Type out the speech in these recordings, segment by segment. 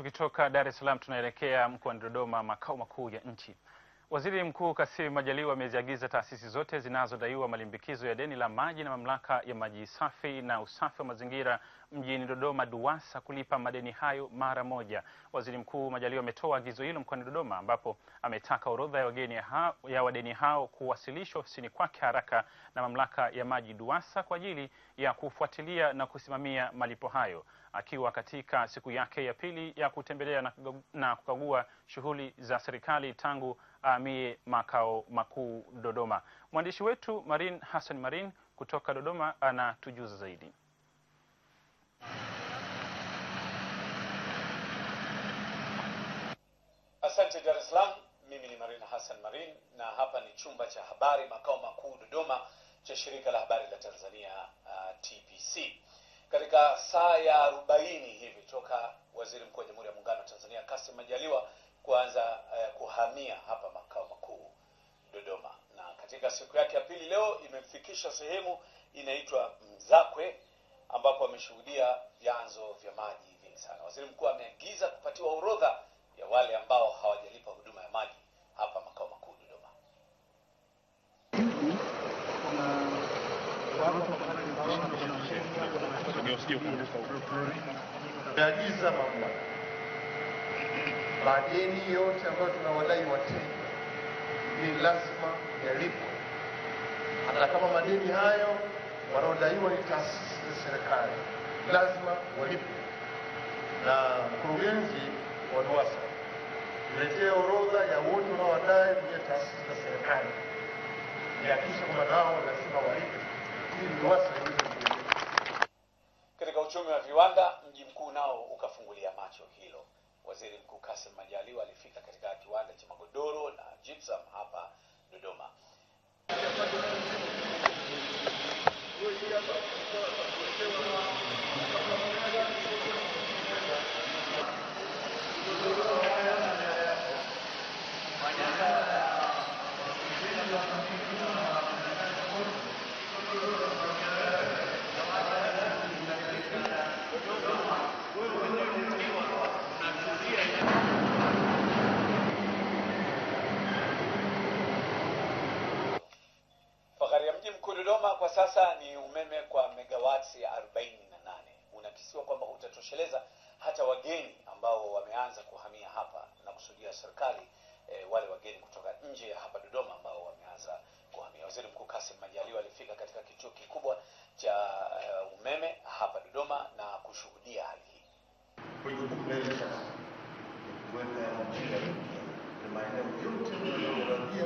Tukitoka Dar es Salaam tunaelekea mkoani Dodoma, makao makuu ya nchi. Waziri Mkuu Kassim Majaliwa ameziagiza taasisi zote zinazodaiwa malimbikizo ya deni la maji na mamlaka ya maji safi na usafi wa mazingira mjini Dodoma DUWASA kulipa madeni hayo mara moja. Waziri Mkuu Majaliwa ametoa agizo hilo mkoani Dodoma ambapo ametaka orodha ya wageni ha ya wadeni hao kuwasilishwa ofisini kwake haraka na mamlaka ya maji DUWASA kwa ajili ya kufuatilia na kusimamia malipo hayo. Akiwa katika siku yake ya pili ya kutembelea na kukagua shughuli za serikali tangu amie ah, makao makuu Dodoma. Mwandishi wetu Marin Hassan Marin kutoka Dodoma anatujuza zaidi. Asante Dar es Salaam. Mimi ni Marin Hassan Marin na hapa ni chumba cha habari makao makuu Dodoma cha shirika la habari la Tanzania uh, ah, TBC. Katika saa ya arobaini hivi toka Waziri Mkuu wa Jamhuri ya Muungano wa Tanzania Kassim Majaliwa kuanza uh, kuhamia hapa makao makuu Dodoma, na katika siku yake ya pili leo imemfikisha sehemu inaitwa Mzakwe ambapo ameshuhudia vyanzo vya maji vingi sana. Waziri Mkuu ameagiza kupatiwa orodha ya wale ambao hawajalipa huduma ya maji hapa makao makuu Dodoma. Agiza mamlaka madeni yote ambayo tunawadai wateja ni lazima yalipo hata kama madeni hayo wanaodaiwa ni taasisi za serikali, lazima walipo Na mkurugenzi wa duasa niletee orodha ya wote wanaowadai kwenye taasisi za serikali, niakisha kwamba nao lazima walipe ili duasa iweze Katika uchumi wa viwanda, mji mkuu nao ukafungulia macho hilo. Waziri Mkuu Kassim Majaliwa alifika katika kiwanda cha magodoro na gypsum hapa Dodoma. Dodoma kwa sasa ni umeme kwa megawati arobaini na Unakisiwa kwamba utatosheleza hata wageni ambao wameanza kuhamia hapa na kusudia serikali e, wale wageni kutoka nje ya hapa Dodoma ambao wameanza kuhamia. Waziri Mkuu Kassim Majaliwa alifika katika kituo kikubwa cha uh, umeme hapa Dodoma na kushuhudia hali hii. maeneo yote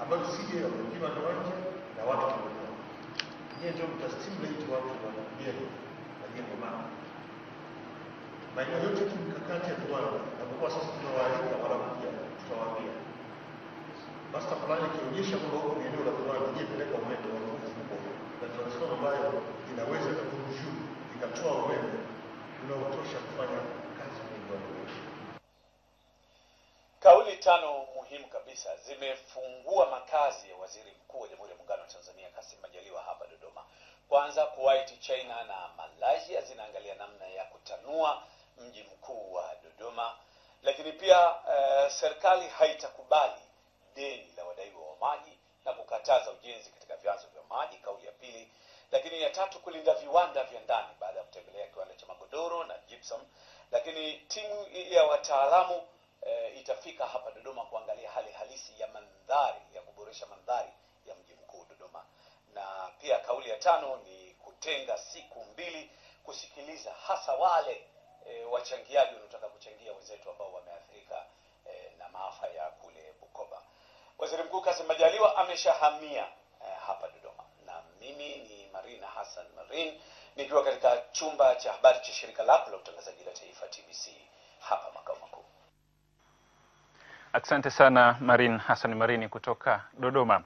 ambayo sije na watu na watu yeye ndio mtastimulate watu wanakuja majengo mapya maeneo yote kimkakati ya viwanda, napokuwa sasa tunawaalika wanakuja, tutawaambia master plan ikionyesha kwamba huko ni eneo la viwanda, je, peleka umeme wa nguvu kubwa na transformer ambayo inaweza kukunjuu ikatoa umeme unaotosha kufanya kazi kubwa. Kauli tano muhimu kabisa zimefungua makazi ya waziri mkuu wa Jamhuri ya Muungano wa Tanzania Kassim Majaliwa hapa kwanza, Kuwait, China na Malaysia zinaangalia namna ya kutanua mji mkuu wa Dodoma, lakini pia eh, serikali haitakubali deni la wadaiwa wa maji na kukataza ujenzi katika vyanzo vya maji, kauli ya pili. Lakini ya tatu, kulinda viwanda vya ndani baada ya kutembelea kiwanda cha magodoro na gypsum. Lakini timu ya wataalamu eh, itafika hapa Dodoma kuangalia hali halisi ya mandhari ya kuboresha mandhari ya mji mkuu Dodoma, na pia kauli ya tano kutenga siku mbili kusikiliza hasa wale e, wachangiaji wanaotaka kuchangia wenzetu ambao wameathirika e, na maafa ya kule Bukoba. Waziri Mkuu Kassim Majaliwa ameshahamia e, hapa Dodoma na mimi ni Marina Hassan Marin nikiwa katika chumba cha habari cha shirika lako la utangazaji la taifa TBC hapa makao makuu. Asante sana Marin Hassan Marini kutoka Dodoma.